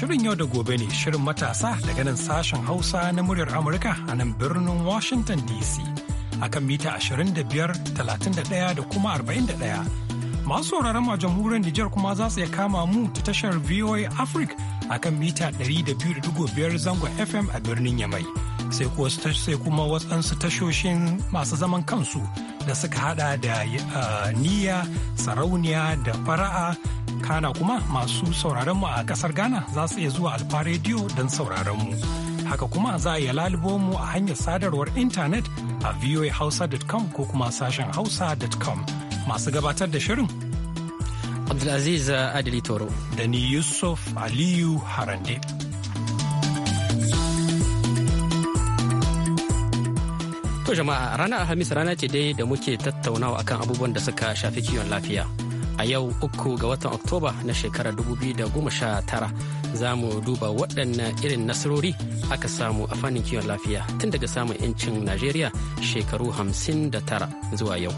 Shirin yau da gobe ne shirin matasa daga nan sashen Hausa na muryar Amurka a nan birnin Washington DC kan mita 25, 31 da kuma 41. Masu sauraron a jamhuriyar Nijar kuma za su iya kama mu ta tashar VOA Africa a kan mita 200.5 zangon FM a birnin Yamai. sai kuma wasu tashoshin masu zaman kansu da suka hada da niyya sarauniya da fara'a kana kuma masu sauraron mu a kasar ghana za su iya zuwa alfa rediyo don sauraronmu mu haka kuma za a iya lalubo mu a hanyar sadarwar intanet a voahausa.com ko kuma sashen hausa.com masu gabatar da shirin abdulaziz adili toro da ni yusuf aliyu harande To jama'a rana Alhamis rana ce dai da muke tattaunawa akan abubuwan da suka shafi kiwon lafiya. A yau uku ga watan Oktoba na shekarar 2019 za mu duba waɗannan irin nasarori aka samu a fannin kiwon lafiya tun daga samun 'yancin Najeriya shekaru hamsin da tara zuwa yau.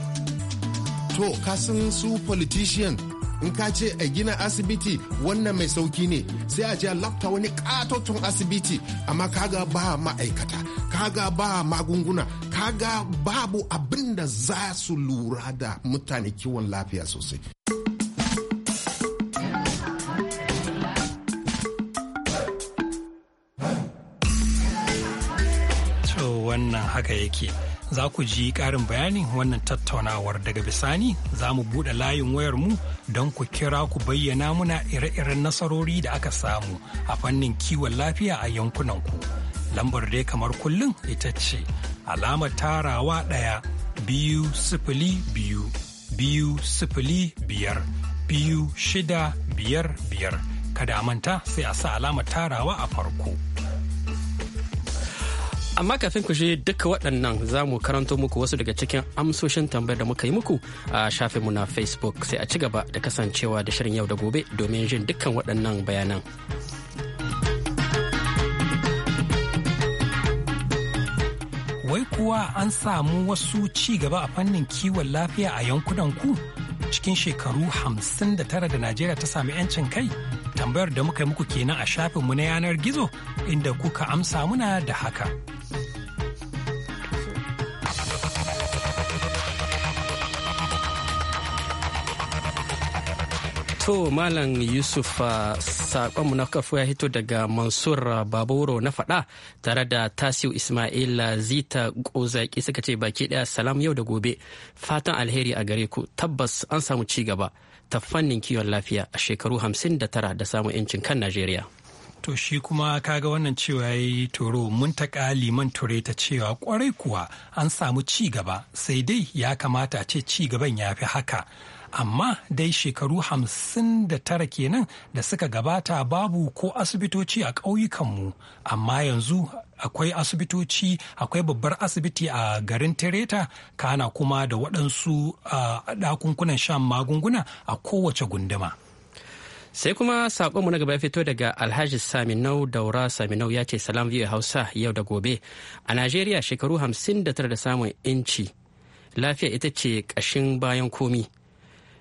To, kasan su politician in ka ce a gina asibiti wannan mai sauki ne sai a je a lafta wani katoton asibiti amma kaga ba ma'aikata kaga ba magunguna kaga babu abin da za su lura da mutane kiwon lafiya sosai wannan haka yake za ku ji ƙarin bayanin wannan tattaunawar daga bisani za mu buɗe layin wayar mu don ku kira ku bayyana muna ire-iren nasarori da aka samu a fannin kiwon lafiya a yankunanku. Lambar dai kamar kullum ita ce alamar tarawa ɗaya biyu sifili biyu biyu sifili biyar biyu shida biyar biyar kada manta sai a sa alamar tarawa a farko. amma kafin ku shi duka waɗannan za mu karanto muku wasu daga cikin amsoshin tambayar da muka yi muku a shafinmu na facebook sai a ci gaba da kasancewa da shirin yau da gobe domin jin dukkan waɗannan bayanan wai kuwa an samu wasu ci gaba a fannin kiwon lafiya a yankunan ku cikin shekaru hamsin da tara da najeriya ta sami 'yancin kai tambayar da muka yi muku kenan a shafinmu na yanar gizo inda kuka amsa muna da haka. To Malam Yusuf sakonmu na kafu ya hito daga Mansur Baburo na fada tare da Tasiu Ismail Zita Kozaki suka ce baki ɗaya salam yau da gobe fatan alheri a gare ku tabbas an samu ci gaba ta fannin kiwon lafiya a shekaru hamsin da tara da samun 'yancin kan Najeriya. To shi kuma kaga wannan cewa ya yi toro mun taƙa liman ture ta cewa kwarai kuwa an samu ci gaba sai dai ya kamata a ce ci gaban ya fi haka amma dai shekaru hamsin da tara kenan da suka gabata babu ko asibitoci a ƙauyukanmu amma yanzu akwai asibitoci akwai babbar asibiti a garin tereta kana kuma da waɗansu ɗakunkunan shan magunguna a kowace gunduma sai kuma saƙonmu na gaba ya fito daga alhaji saminau daura saminau ya ce salam viyu hausa yau da gobe a najeriya shekaru hamsin da tara da samun inci lafiya ita ce ƙashin bayan komi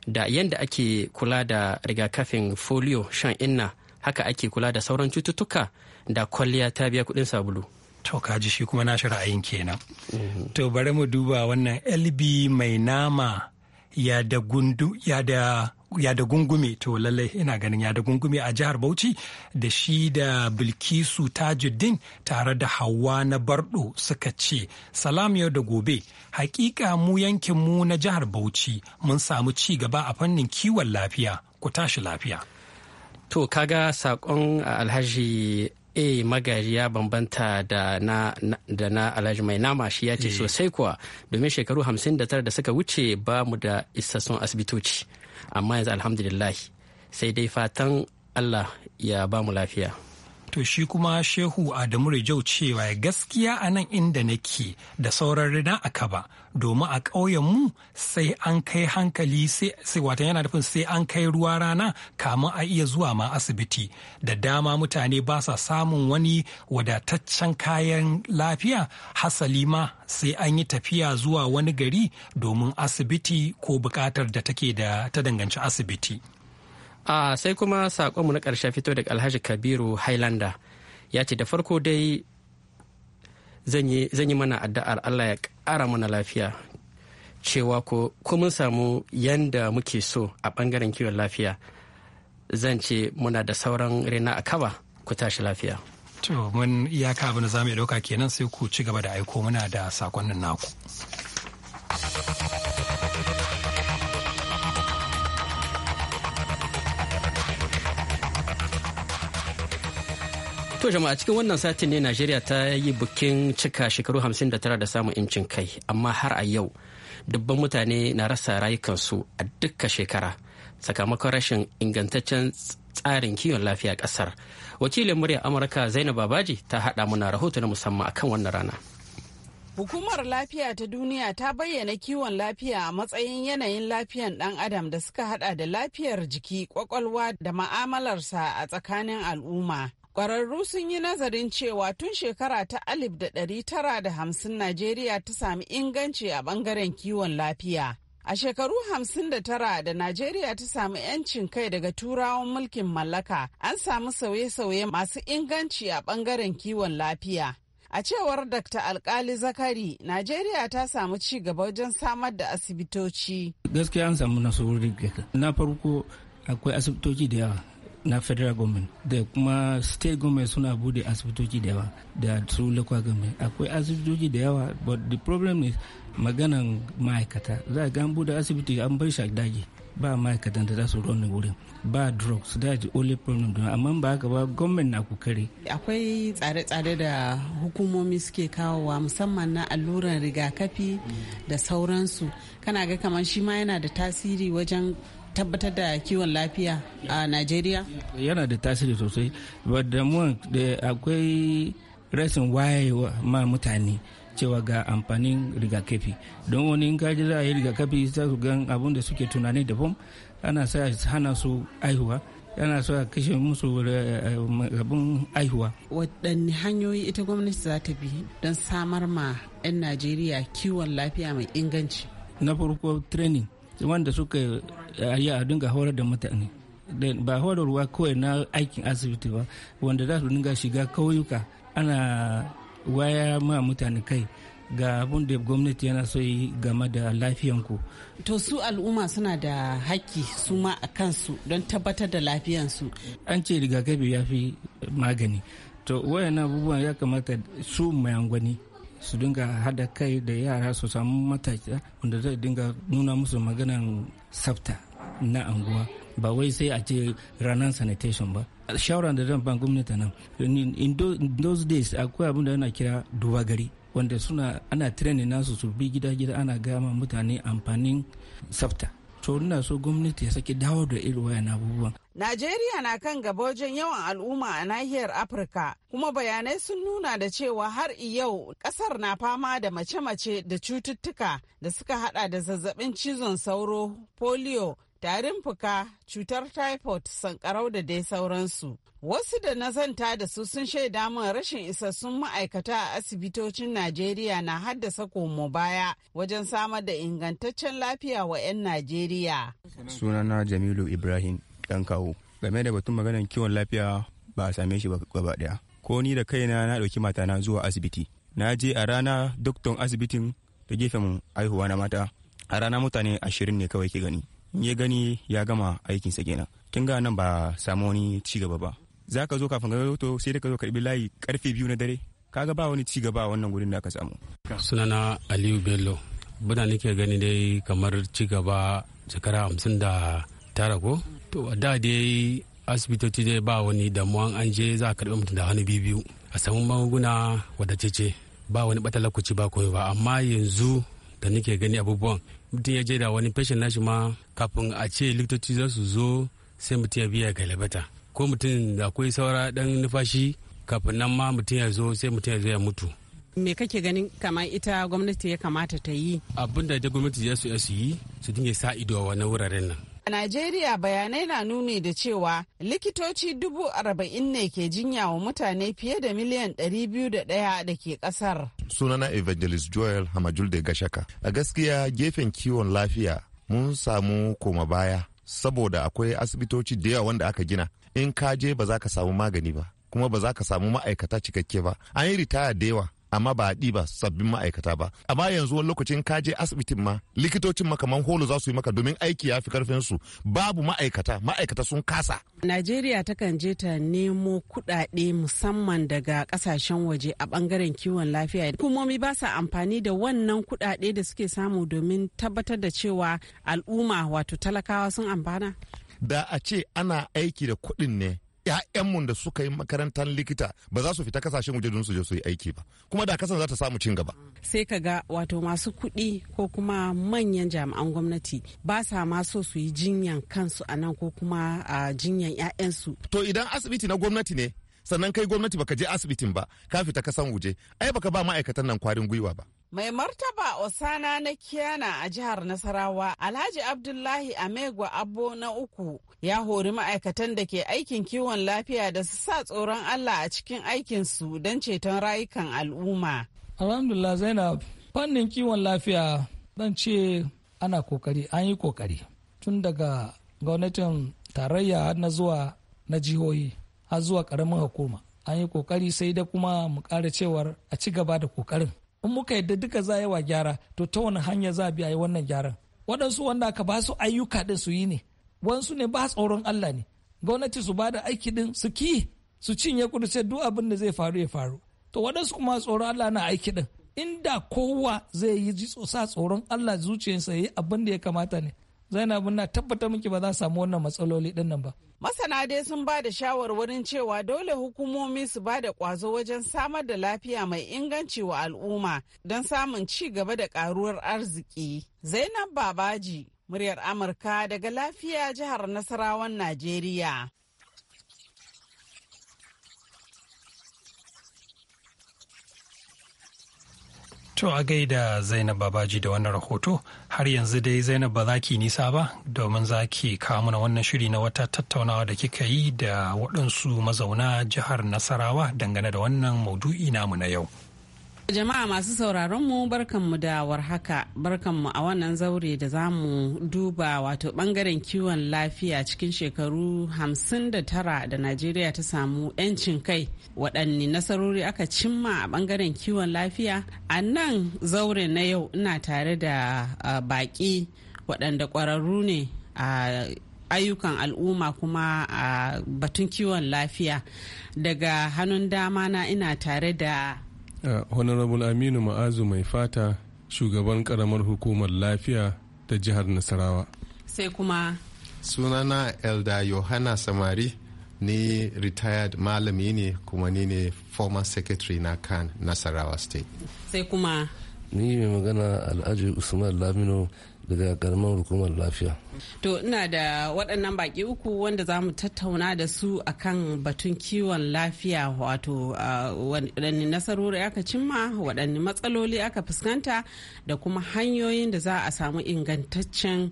da yadda ake kula da rigakafin folio shan inna haka ake kula da sauran cututtuka da kwalliya ta biya kuɗin sabulu. To kaji shi kuma na ra'ayin kenan. Mhm. To bari mu duba wannan LB mai nama ya da gundu ya da ya da gungume to lallai ina ganin ya da gungume a jihar Bauchi da shi da Bilkisu Tajuddin tare da Hauwa na Bardo suka ce salam yau da gobe hakika mu yankin mu na jihar Bauchi mun samu ci gaba a fannin kiwon lafiya ku tashi lafiya to kaga sakon uh, alhaji a magari ya bambanta da na, da na alhaji mai nama shi ya ce eh. sosai kuwa domin shekaru 59 da suka wuce ba mu da isassun asibitoci amma yanzu alhamdulillah sai dai fatan allah ya ba mu lafiya to shi kuma shehu adamu rijau cewa gaskiya a nan inda nake da sauran rina a kaba domin a ƙauyenmu sai an kai hankali sai watan yana nufin sai an kai ruwa rana kamun a iya zuwa ma asibiti da dama mutane ba sa samun wani wadataccen kayan lafiya hasali ma sai an yi tafiya zuwa wani gari domin asibiti ko buƙatar da take da ta danganci asibiti. a sai kuma saƙonmu na ƙarshe fito daga alhaji kabiru highlander ya ce da farko dai zan yi mana addu'ar allah ya ƙara mana lafiya cewa ko mun samu yanda muke so a ɓangaren kiwon lafiya zan ce muna da sauran rena a kaba ku tashi lafiya to mun iyaka abin da za mu ɗauka kenan sai ku ci gaba da aiko muna da sakonnin naku To jama'a cikin wannan satin ne Najeriya ta yi bukin cika shekaru 59 da samun incin kai amma har a yau dubban mutane na rasa rayukansu a duka shekara sakamakon rashin ingantaccen tsarin kiwon lafiya kasar. Wakilin murya Amurka Zainab Babaji ta haɗa muna rahoto na musamman akan wannan rana. Hukumar lafiya ta duniya ta bayyana kiwon lafiya a matsayin yanayin lafiyan ɗan adam da suka hada da lafiyar jiki, kwakwalwa da ma'amalarsa a tsakanin al'umma. Ƙwararru sun yi nazarin cewa tun shekara ta alif da ɗari tara da Najeriya ta sami inganci a ɓangaren kiwon lafiya. A shekaru hamsin da tara da Najeriya ta sami 'yancin kai daga turawan mulkin mallaka, an samu sauye-sauye masu inganci a ɓangaren kiwon lafiya. A cewar Dr. Alkali Zakari, Najeriya ta samu ci gaba wajen samar da asibitoci. Gaskiya an samu nasarori Na farko akwai asibitoci da yawa na federal government da kuma state government suna bude asibitoci da yawa da su local government akwai asibitoci da yawa but the problem is maganan ma'aikata za ga an bude asibiti an bar shi daji ba ma'aikatan da za su ronin wurin ba drugs da the only problem don amma ba haka ba gwamnati na kokari akwai tsare-tsare da hukumomi suke kawowa musamman na alluran rigakafi da sauransu kana ga kamar shi ma yana da tasiri wajen tabbatar da kiwon lafiya a najeriya yana da tasiri sosai ba da akwai rashin wayewa ma mutane cewa ga amfanin rigakafi don wani in kaji za a yi rigakafi za su gan abun da suke tunani da bom, ana sa hana su aihuwa yana so a kashe musu eh, abin aihuwa. waɗanne hanyoyi ita gwamnati za ta bi don samar ma 'yan najeriya kiwon lafiya mai inganci na farko training wanda suka eh, yi a dinga horar da mutane ba horarwa kawai na aikin asibiti ba wanda za su dinga shiga kauyuka ana waya ma mutane kai ga abun da gwamnati yana so yi game da lafiyanku. To su al'umma suna da haƙƙi su ma a kansu don tabbatar da lafiyansu. An ce rigakafi ya fi magani. To wayannan abubuwan ya kamata su mai angwani su dinga hada kai da yara su samu matata wanda zai dinga nuna musu maganan tsafta na anguwa ba wai sai a ce ranar sanitation ba shawaran da zan ban gwamnati nan in those days akwai abin da ana kira duba gari wanda suna ana training nasu su bi gida gida ana gama mutane amfanin tsafta to ina so gwamnati ya saki dawo da irin wayan abubuwan Najeriya na kan gaba wajen yawan al'umma a nahiyar Afirka, kuma bayanai sun nuna da cewa har yau kasar na fama da mace-mace da cututtuka da suka hada da zazzabin cizon sauro, polio, tarin fuka, cutar typhoid, sankarau da dai sauransu. Wasu da na zanta da su sun shaida min rashin isassun ma'aikata a asibitocin Najeriya na haddasa komo baya wajen samar da ingantaccen lafiya wa 'yan Najeriya. Sunana Jamilu Ibrahim dan kawo. Game da batun maganar kiwon lafiya ba a same shi gaba daya Ko ni da kaina na ɗauki matana zuwa asibiti. Na je a rana doktor asibitin da gefen haihuwa na mata. A rana mutane ashirin ne kawai ke gani. ya gani ya gama aikinsa kenan kin ga nan ba samu wani ci gaba ba za ka zo kafin ka to sai ka zo karbi layi karfe biyu na dare ka ga ba wani ci gaba wannan gurin da aka samu sunana aliyu bello buna nake gani dai kamar ci gaba shekara hamsin da tara ko to da dai asibitoci dai ba wani damuwa an je za a karbi mutum da hannu biyu a samu magunguna wadatacce ba wani batalakuci ba koyo ba amma yanzu da nake gani abubuwan mutum ya je da wani fashin nashi ma kafin a ce likitoci za su zo sai mutum ya biya labata ko mutum da akwai saura dan nufashi kafin nan ma mutum ya zo sai mutum ya zo ya mutu me kake ganin kamar ita gwamnati ya kamata ta yi abin da gwamnati ya su yi su dinga sa ido a wani wuraren nan A Najeriya bayanai na nuni da cewa likitoci dubu arba'in ne ke jinya wa mutane fiye da miliyan ɗari biyu da ɗaya da ke ƙasar. Sunana Evangelist Joel Hamajul de Gashaka. A gaskiya gefen kiwon lafiya mun samu koma baya saboda akwai asibitoci da yawa wanda aka gina. In ka je ba za ka samu magani ba, kuma ba za ka samu ma'aikata cikakke ba. An yi ritaya da yawa amma ba a ɗiba sabbin ma'aikata ba amma yanzu wani lokacin ka je asibitin ma likitocin ma holo za su yi maka domin aiki ya fi karfin su babu ma'aikata ma'aikata sun kasa Najeriya takan je ta nemo kuɗaɗe musamman daga kasashen waje a bangaren kiwon lafiya hukumomi ba sa amfani da wannan kuɗaɗe da suke samu domin tabbatar da cewa al'umma wato talakawa sun amfana da a ce ana aiki da kuɗin ne 'ya'yanmu da suka yi makarantar likita ba za su fita kasashen waje don su je su yi aiki ba kuma da kasan za ta samu cin gaba sai ka ga wato masu kuɗi ko kuma manyan jami'an gwamnati ba sa ma so su yi jinyan kansu a nan ko kuma a jinyan 'ya'yansu to idan asibiti na gwamnati ne sannan kai gwamnati baka je asibitin ba ka fita kasan waje ai baka ba ma'aikatan nan kwarin gwiwa ba Mai martaba Osana na Kiana a jihar Nasarawa, Alhaji Abdullahi Amegwa abo na uku ya hori ma'aikatan da ke aikin kiwon lafiya da su sa tsoron Allah a cikin aikinsu don ceton rayukan al'umma. Alhamdulillah Zainab, fannin kiwon lafiya zan ce ana kokari, an yi kokari. Tun daga gwamnatin tarayya na zuwa na jihohi har zuwa karamin hukuma. An yi kokari sai da kuma mu ƙara cewar a ci gaba da kokarin. in muka yadda duka za yawa gyara to ta wani hanya za a biya yi wannan gyaran waɗansu wanda aka ba su ayyuka ɗin su yi ne wansu ne ba tsoron Allah ne gwamnati su ba da aiki ɗin su ki su cinye kudu sai duk abin da zai faru ya faru to waɗansu kuma tsoron Allah na aiki ɗin inda kowa zai yi ji sa tsoron Allah zuciyarsa ya yi abin da ya kamata ne Zainab na tabbatar miki ba za samu wannan matsaloli din nan ba. Masana dai sun ba da shawarwarin cewa dole hukumomi su ba da kwazo wajen samar da lafiya mai inganci wa al'umma don samun ci gaba da karuwar arziki. Zainab Babaji, muryar Amurka daga lafiya jihar Nasarawan Najeriya. To a gaida Zainab Babaji da wannan rahoto har yanzu dai Zainab ba za ki nisa ba domin za ki kawo mana wannan shiri na wata tattaunawa da kika yi da waɗansu mazauna jihar Nasarawa dangane da wannan maudu'i namu na yau. Jama'a masu sauraron mu barkanmu da warhaka barkanmu a wannan zaure da za mu duba wato bangaren kiwon lafiya cikin shekaru 59 da Najeriya ta samu 'yancin kai waɗanne nasarori aka cimma a bangaren kiwon lafiya a nan zaure na yau ina tare da ah, baƙi waɗanda ƙwararru ne a ayyukan al'umma kuma a batun kiwon lafiya daga hannun dama na ina tare da Uh, honorable aminu ma'azu mai fata shugaban karamar hukumar lafiya ta jihar nasarawa sai kuma sunana elda yohana samari ni retired malami ne kuma ni ne former secretary na kan nasarawa state sai kuma ni mai magana al'aji usman lamino daga karamin hukumar lafiya. To ina da waɗannan baƙi uku wanda za mu tattauna da su akan batun kiwon lafiya wato waɗanne nasarori aka cimma waɗanne matsaloli aka fuskanta da kuma hanyoyin da za a samu ingantaccen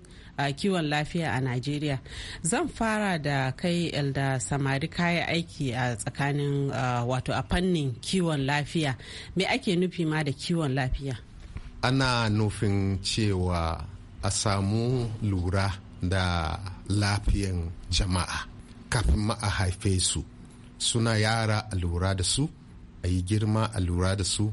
kiwon lafiya a Najeriya. Zan fara da kai da samari kaya aiki a tsakanin wato a fannin kiwon lafiya. Me ake nufi ma da kiwon lafiya? Ana nufin cewa a samu lura da lafiyan jama'a kafin ma a haife su suna yara a lura da su a yi girma a lura da su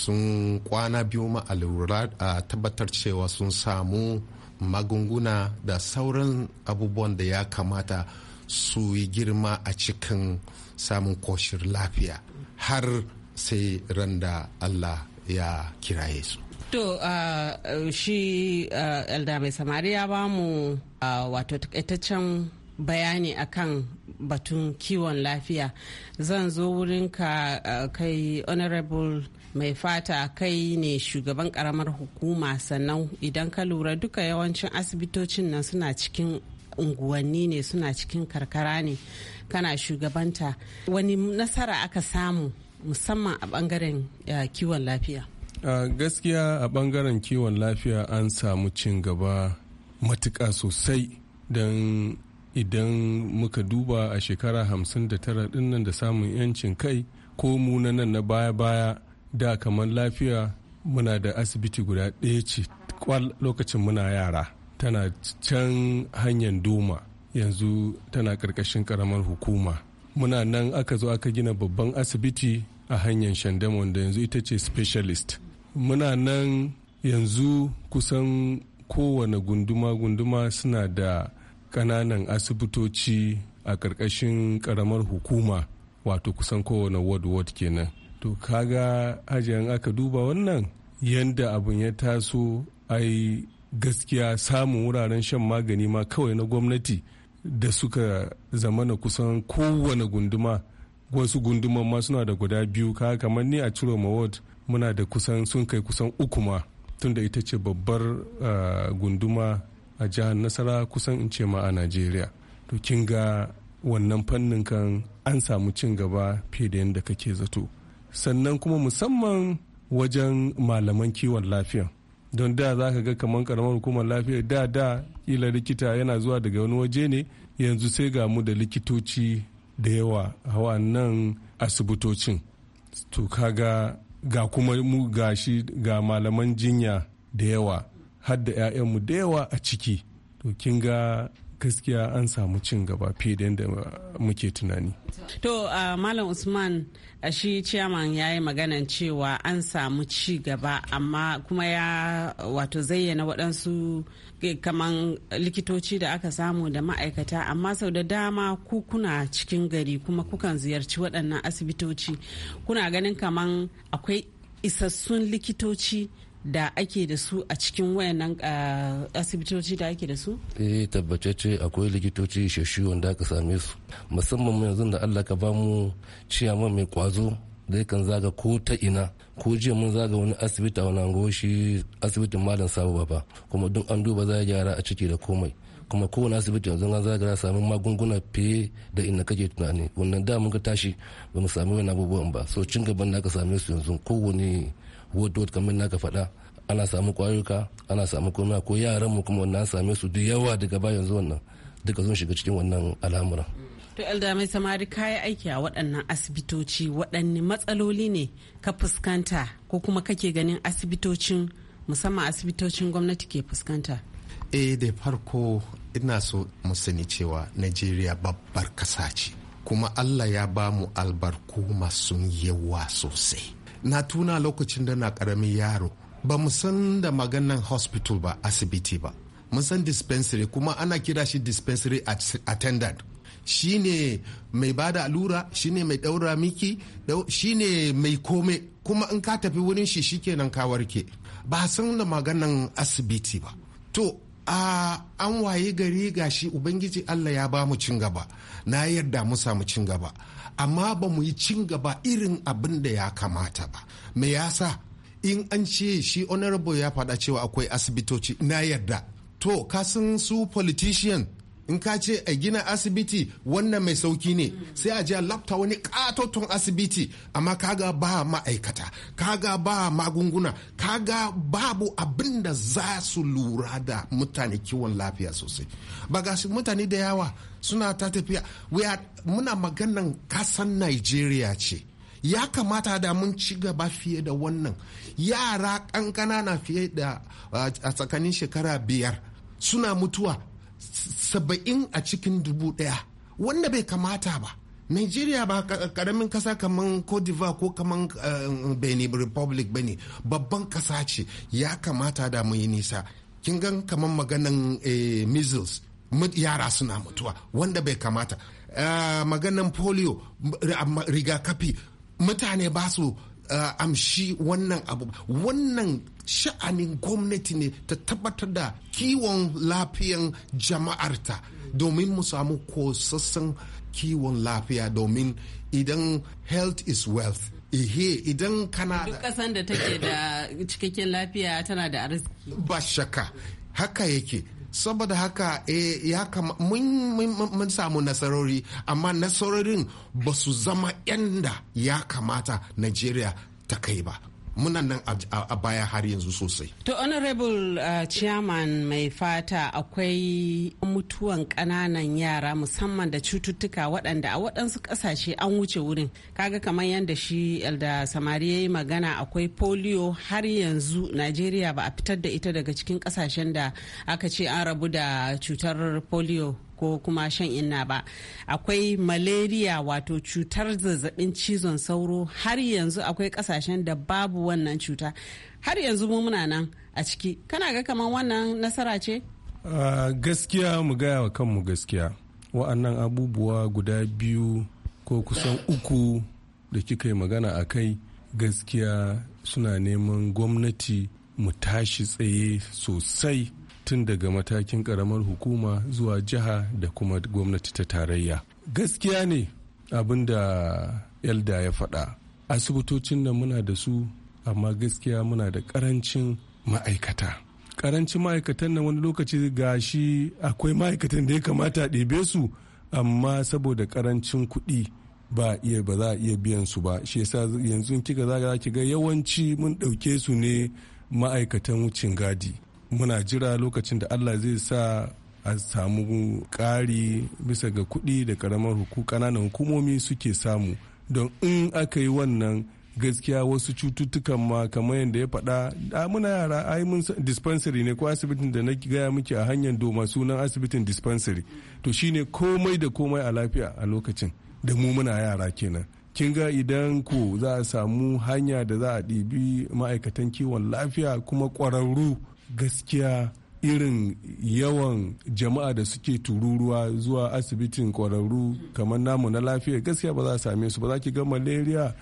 sun kwana biyu ma a lura a tabbatar cewa sun samu magunguna da sauran abubuwan da ya kamata su yi girma a cikin samun koshin lafiya har sai randa allah ya kiraye su To uh, shi uh, Elda Mai Samari ya bamu wato takaitaccen bayani akan batun kiwon lafiya. Zan zo wurin ka kai Honorable mai fata kai ne shugaban karamar hukuma sannan idan ka lura duka yawancin asibitocin nan suna cikin unguwanni ne suna cikin karkara ne kana shugabanta wani nasara aka samu musamman a bangaren kiwon lafiya a gaskiya a bangaren kiwon lafiya an samu cin gaba matuka sosai don idan muka duba a shekara 59 tara nan da samun yancin kai ko mu na nan na baya-baya da kamar lafiya muna da asibiti guda ɗaya ce kwal lokacin muna yara tana can hanyar doma yanzu tana ƙarƙashin ƙaramar hukuma muna nan aka zo aka gina babban asibiti a hanyar shandam wanda yanzu ita ce specialist muna nan yanzu kusan kowane gunduma-gunduma suna da kananan asibitoci a ƙarƙashin ƙaramar hukuma wato kusan kowane ward ward kenan to kaga hajiyar aka duba wannan yadda abin ya taso ai gaskiya samun wuraren shan magani ma kawai na gwamnati da suka zamana kusan kowane gunduma wasu gunduman ma suna da guda biyu ka kamar ni a ciro ward muna da kusan sun kai kusan uku ma tunda ita ce babbar ah, gunduma a jihar nasara kusan in ce ma a najeriya to kin ga wannan fannin kan an samu cin gaba fiye da yadda kake zato sannan kuma musamman wajen malaman kiwon lafiya don da za ka ga kamar karamar hukumar lafiya da da kila likita yana zuwa daga wani waje ne yanzu sai ga mu da likitoci da yawa a nan asibitocin to kaga ga kuma mu ga shi ga malaman jinya da yawa har da 'ya'yanmu da yawa a ciki to kin ga gaskiya an samu cin gaba fiye da yadda muke tunani. To uh, Malam Usman uh, shi ciyaman ya yi maganan cewa an samu ci gaba amma kuma ya wato zayyana waɗansu eh, kaman likitoci da aka samu da ma'aikata amma sau da dama ku kuna cikin gari kuma kukan ziyarci waɗannan asibitoci kuna ganin kaman akwai isassun likitoci da ake da su a cikin wayannan asibitoci da ake da su? eh ce akwai likitoci shashi wanda aka same su musamman yanzu da allah ka bamu ciyama mai kwazo da kan zaga ko ta ina ko jiya mun zaga wani asibiti a wani angoshi asibitin malam sabu baba kuma duk an duba za gyara a ciki da komai kuma kowane asibiti yanzu an zaga samun magunguna fiye da ina kake tunani wannan da mun ka tashi ba mu sami wani abubuwan ba so cin gaban da aka same su yanzu kowane wood kamar naka faɗa ana samu kwayoyuka ana samu komai ko yaran mu kuma wannan same su da yawa daga ba yanzu wannan duka sun shiga cikin wannan al'amuran to elda mai samari kayi aiki a waɗannan asibitoci waɗanne matsaloli ne ka fuskanta ko kuma kake ganin asibitocin musamman asibitocin gwamnati ke fuskanta eh da farko ina so mu sani cewa najeriya babbar kasa ce kuma allah ya ba mu albarku masu yawa sosai na tuna lokacin da na karamin yaro ba mu san da maganan hospital ba asibiti ba mun san dispensary kuma ana kira shi dispensary attendant shine mai bada allura shine mai daura miki shine mai kome kuma in ka tafi wurin shi shikenan ka warke ba san da maganan asibiti ba to a an waye gari ga shi ubangiji allah ya ba mu cin gaba na yarda mu samu cin gaba amma ba mu yi cin gaba irin abin da ya kamata ba me yasa in an ce shi honorable ya faɗa cewa akwai asibitoci na yarda to kasan su politician in ka ce a gina asibiti wannan mai sauki ne sai a je a lafta wani katoton asibiti amma kaga ba ma'aikata kaga ba magunguna kaga babu abin da za su lura da mutane kiwon lafiya sosai ba ga mutane da yawa suna ta tafiya wuya muna maganan kasan nigeria ce ya kamata da mun ci gaba fiye da wannan yara kankana na fiye da a tsakanin shekara biyar suna mutuwa saba'in a cikin dubu daya wanda bai kamata ba Nigeria ba karamin kasa kaman Cote d'Ivoire ko kaman eh, Benin Republic bane babban kasa ce ya kamata da mu yi nisa kin gan kaman maganan eh, measles yara suna mutuwa wanda bai kamata eh, maganan polio rigakafi mutane ba su Uh, amshi wannan abu wannan sha'anin gwamnati ne ta tabbatar da kiwon lafiyan jama'arta domin mu samu kosassan kiwon lafiya domin idan health is wealth ihe idan kana duk kasan da take da cikakken lafiya tana da arziki ba shakka haka yake saboda haka eh, ya mun samu nasarori amma nasarorin ba su zama yanda ya kamata najeriya ta kai ba muna nan a baya har yanzu sosai. To honorable uh, chairman mai fata akwai mutuwan kananan yara musamman da cututtuka waɗanda a waɗansu ƙasashe an wuce wurin. Kaga kamar yadda shi Elda Samari ya yi magana akwai polio har yanzu Najeriya ba a fitar da ita daga cikin ƙasashen da aka ce an rabu da cutar polio ko kuma shan inna ba akwai malaria wato cutar zazzabin cizon sauro har yanzu akwai kasashen da babu wannan cuta har yanzu mu muna nan a ciki kana ga kamar wannan nasara ce uh, gaskiya mu gaya wa kanmu gaskiya wa'annan abubuwa guda biyu ko kusan uku da kika yi magana a kai gaskiya suna neman gwamnati mu tashi tsaye sosai tun daga matakin karamar hukuma zuwa jiha da kuma gwamnati ta tarayya gaskiya ne abin da yalda ya faɗa asibitocin nan muna da su amma gaskiya muna da karancin ma'aikata karancin ma'aikatan nan wani lokaci gashi akwai ma'aikatan da ya kamata ɗebe su amma saboda karancin kuɗi ba iya ba za a iya biyan su ba shi yasa yanzu kika za ki ga yawanci mun ɗauke su ne ma'aikatan wucin gadi muna jira lokacin da allah zai sa a samu ƙari bisa ga kuɗi da ƙaramar ƙananan hukumomi suke samu don in aka yi wannan gaskiya wasu cututtukan ma kamar yadda ya faɗa da muna yara ai mun dispensary ne ko asibitin da na gaya muke a hanyar doma sunan asibitin dispensary to shine komai da komai a lafiya a lokacin da mu muna yara kenan kin ga idan ku za a samu hanya da za a ɗibi ma'aikatan kiwon lafiya kuma ƙwararru gaskiya irin yawan jama'a da suke tururuwa zuwa asibitin kwararru kamar namu na lafiya gaskiya ba za a same su ba za ki ga malaria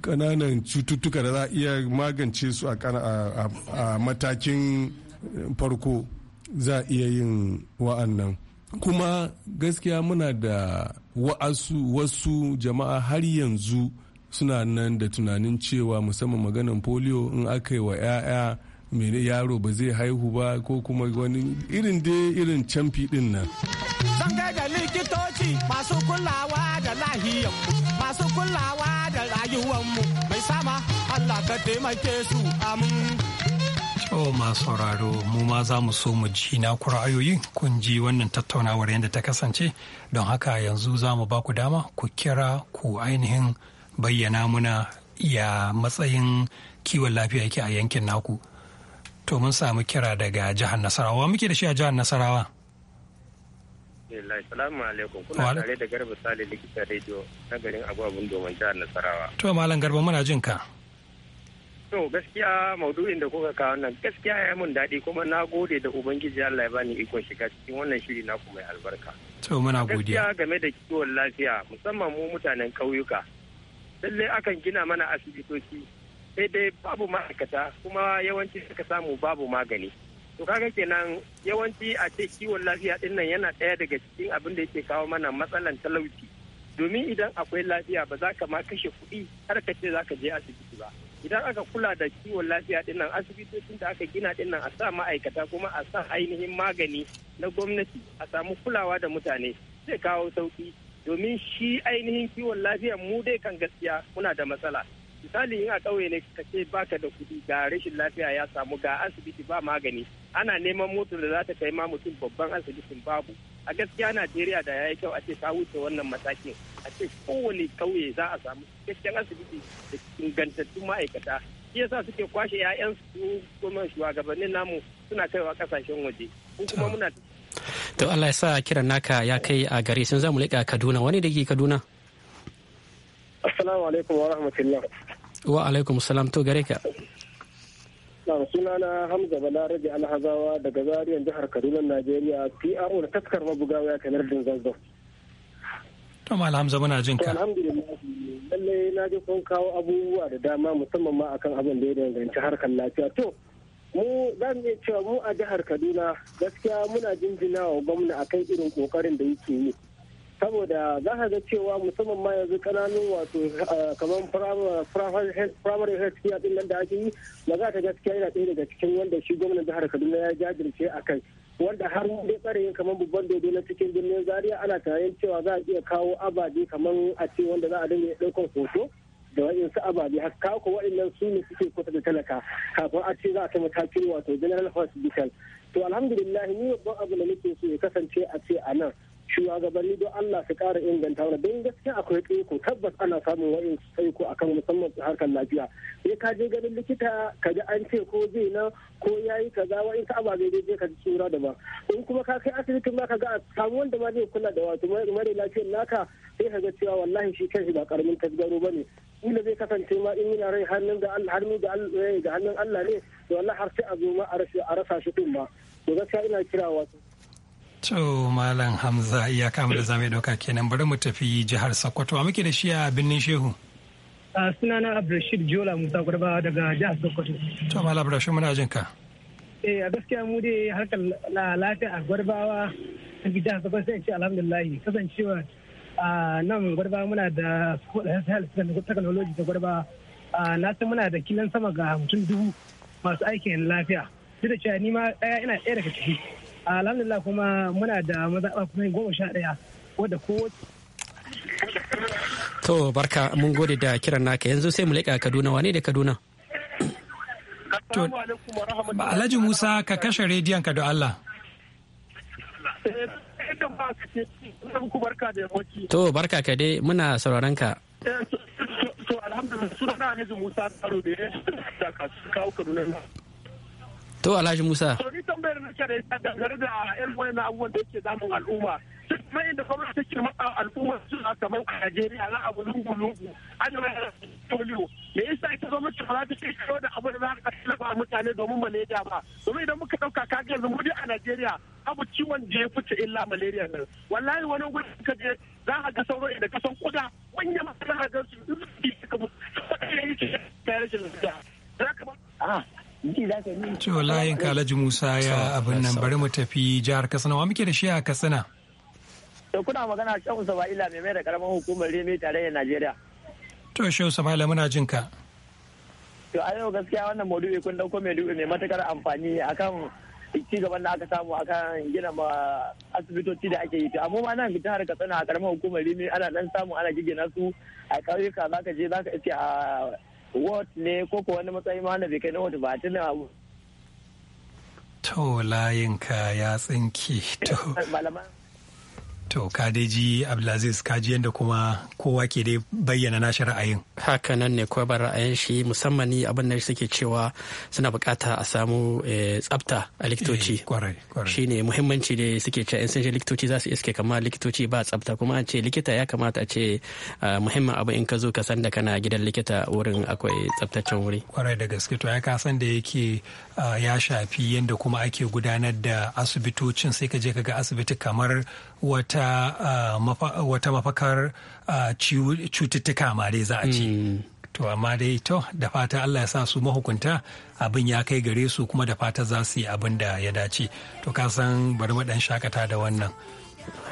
kananan cututtuka da za a iya magance su a matakin farko za a iya yin wa'annan kuma gaskiya muna da wa'asu wasu jama'a har yanzu suna nan da tunanin cewa musamman maganin polio in aka yi wa 'ya'ya mene yaro ba zai haihu ba ko kuma wani irin dai irin camfi din nan zan da likitoci masu kulawa da lahiyar masu kulawa da rayuwanmu mai sama allah ka taimake su amin To masu sauraro mu ma za mu so mu ji na ra'ayoyin kun ji wannan tattaunawar yadda ta kasance don haka yanzu za mu ba ku dama ku kira ku ainihin bayyana muna ya matsayin kiwon lafiya yake a yankin naku To mun samu kira daga jihar Nasarawa. muke da shi a jihar Nasarawa? Assalamu alaikum. Kuna tare da Garba Sale likita na garin Domin jihar Nasarawa. To Malam Garba muna jin ka. To gaskiya maudu'in da kuka kawo nan gaskiya ya mun daɗi kuma na gode da Ubangiji Allah ya bani ikon shiga cikin wannan shiri na kuma mai albarka. To muna godiya. Gaskiya game da kiwon lafiya musamman mu mutanen ƙauyuka. Lallai akan gina mana asibitoci sai dai babu ma'aikata kuma yawanci suka samu babu magani to kaga kenan yawanci a ce kiwon lafiya din nan yana ɗaya daga cikin abin da yake kawo mana matsalan talauci domin idan akwai lafiya ba za ka ma kashe kuɗi har ka ce za ka je asibiti ba idan aka kula da kiwon lafiya din nan asibitocin da aka gina din nan a sa ma'aikata kuma a sa ainihin magani na gwamnati a samu kulawa da mutane zai kawo sauki domin shi ainihin kiwon lafiya mu dai kan gaskiya muna da matsala misali in a ƙauye ne ka ce baka da kuɗi ga rashin lafiya ya samu ga asibiti ba magani ana neman motar da za ta kai ma mutum babban asibitin babu a gaskiya najeriya da ya yi kyau a ce ta wuce wannan matakin a ce kowane kauye za a samu cikakken asibiti da ingantattun ma'aikata shi yasa suke kwashe 'ya'yan su kuma shugabannin namu suna kaiwa kasashen waje ko kuma muna to Allah ya sa kiran naka ya kai a gare sun zamu leƙa Kaduna wani da ke Kaduna Assalamu alaikum wa rahmatullah wa alaikum salam to gare ka sunana hamza balarabe alhazawa daga zariyar jihar kaduna najeriya pro da taskar mabugawa ya kanar din zazzau to ma alhamza muna jin ka alhamdulillah lallai na ji kun kawo abubuwa da dama musamman ma akan abin da ya danganci harkar lafiya to mu za mu iya cewa mu a jihar kaduna gaskiya muna jinjina wa gwamna akan irin kokarin da yake yi saboda za ka ga cewa musamman ma yanzu kananun wato eh, kamar primary health care din nan da ake yi ba ta gaskiya yana ɗaya daga cikin wanda shi gwamnan jihar kaduna ya jajirce a kai wanda har dai tsare kamar babban dodo na cikin birnin zaria ana tayin cewa za a iya kawo ababe kamar a ce wanda za a dinga ɗaukar hoto da waɗansu ababe haka ko waɗannan su ne suke kusa da talaka kafin a ce za a kai matakin wato general hospital to alhamdulillah ni babban abu da nake so ya kasance a ce a nan shugabanni don Allah su ƙara inganta wani don gaskiya akwai tsaiko tabbas ana samun wa'in tsaiko akan musamman harkar lafiya sai ka je ganin likita ka ji an ce ko zai na ko ya yi kaza wa'in ta ababe zai je ka ji tsura da ba in kuma ka kai asibitin ma ka ga samu wanda ma zai kula da wato mare lafiyar naka sai ka ga cewa wallahi shi kanshi ba karamin tasgaro ba ne kila zai kasance ma in yana rai hannun da hannun da eh, hannun Allah ne to wallahi har sai a zo ma a rasa shi din ba to gaskiya ina kira wato To Malam Hamza iya kama da zame ɗauka kenan bari mu tafi jihar Sokoto. A muke da shi a birnin Shehu. Sunana Abdulrashid Jola Musa Gurba daga jihar Sokoto. To Malam Abdulrashid muna jin ka. Eh a gaskiya mu dai harkar lafiya a Gurbawa a jihar Sokoto sai ce alhamdulillah kasancewa a nan Gurbawa muna da technology da Gurbawa na san muna da kilan sama ga mutum dubu masu aikin lafiya. Duk da cewa ni ma ɗaya ina ɗaya daga ciki. alhamdulillah kuma muna da mazaɓa kuma goma sha ɗaya wadda ko to barka mun gode da kiran naka yanzu sai mu leƙa kaduna wane da kaduna alhaji musa ka kashe rediyon ka da allah to barka ka dai muna sauraron ka to alhamdulillah suna na musa da ya da kasu kawo kaduna to alhaji musa to ni tambayar na kare ta dangane da irin wannan abubuwan da yake damun al'umma duk mai da gwamnati take matsa al'umma suna kamar a Najeriya na abu lungu lungu an yi polio me yasa ita gwamnati ba za ta kai kawo da abu da za ka tallafa mutane domin malaria ba domin idan muka ɗauka ka ga yanzu a Najeriya abu ciwon da ya fice illa malaria nan wallahi wani gurin ka je za ka ga sauro da ka san kuda manya ma za ka ga su duk To layin Kalaji Musa ya abin nan bari mu tafi jihar Katsina wa muke da shi a Katsina. To kuna magana Shehu Sama'ila mai mai da karamar hukumar tare tarayyar Najeriya. To Shehu Sama'ila muna jin ka. To a yau gaskiya wannan maudu'i kun dauko mai dubi mai matukar amfani akan ci gaban da aka samu akan gina ma asibitoci da ake yi to amma ma nan jihar Katsina a karamar hukumar Rimi ana dan samu ana gigina su a za zaka je zaka iske a wat ne ko ko wani matsayi ma na bikin kai ba tuna abu to layinka ya tsinki to To kadeji Abdulaziz kaji yadda kuma kowa ke dai bayyana nashi ra'ayin. Haka nan ne kowa bar ra'ayin shi musamman ni abin da suke cewa suna bukata a samu eh, tsafta a likitoci. Eh, shi ne muhimmanci da suke cewa in sun shi likitoci za su iske kama likitoci ba tsafta kuma an ce likita ya kamata a ce muhimmin abu in ka zo ka san da kana gidan likita wurin akwai tsaftacen wuri. Kwarai da gaske to ya ka san da yake Ah, ya shafi yadda kuma ake gudanar da asibitocin sai ka je ka ga asibiti kamar wata ah, mafakar ah, cututtuka ma dai za a ce. Hmm. To amma dai to da fata Allah ya sa su mahukunta abin ya kai gare su kuma da fata za su yi abin da ya dace. To ka san bari mu dan shakata da wannan.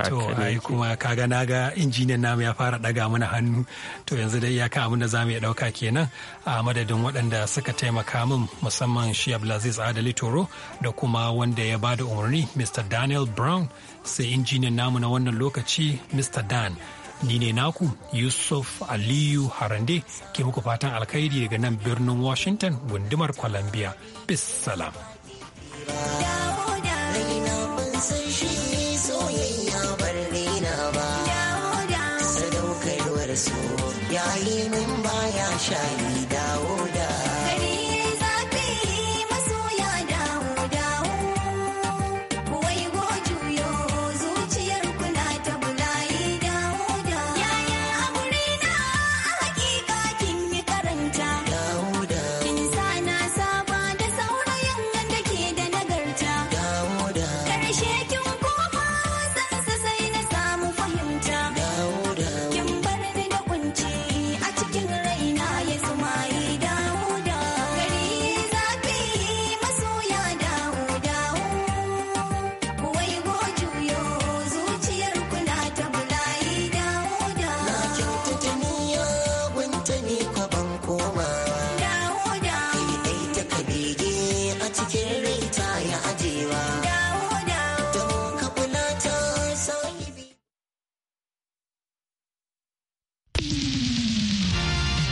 to ai kuma kaga na ga injiniyan namu ya fara daga mana hannu to yanzu dai ya kawo da zamu iya dauka kenan a madadin waɗanda suka taimaka min musamman shi Abdulaziz Adali Toro da kuma wanda ya bada umarni Mr Daniel Brown sai injiniyan namu na wannan lokaci Mr Dan ni ne naku Yusuf Aliyu Harande ke muku fatan alkhairi daga nan birnin Washington gundumar Columbia bis salam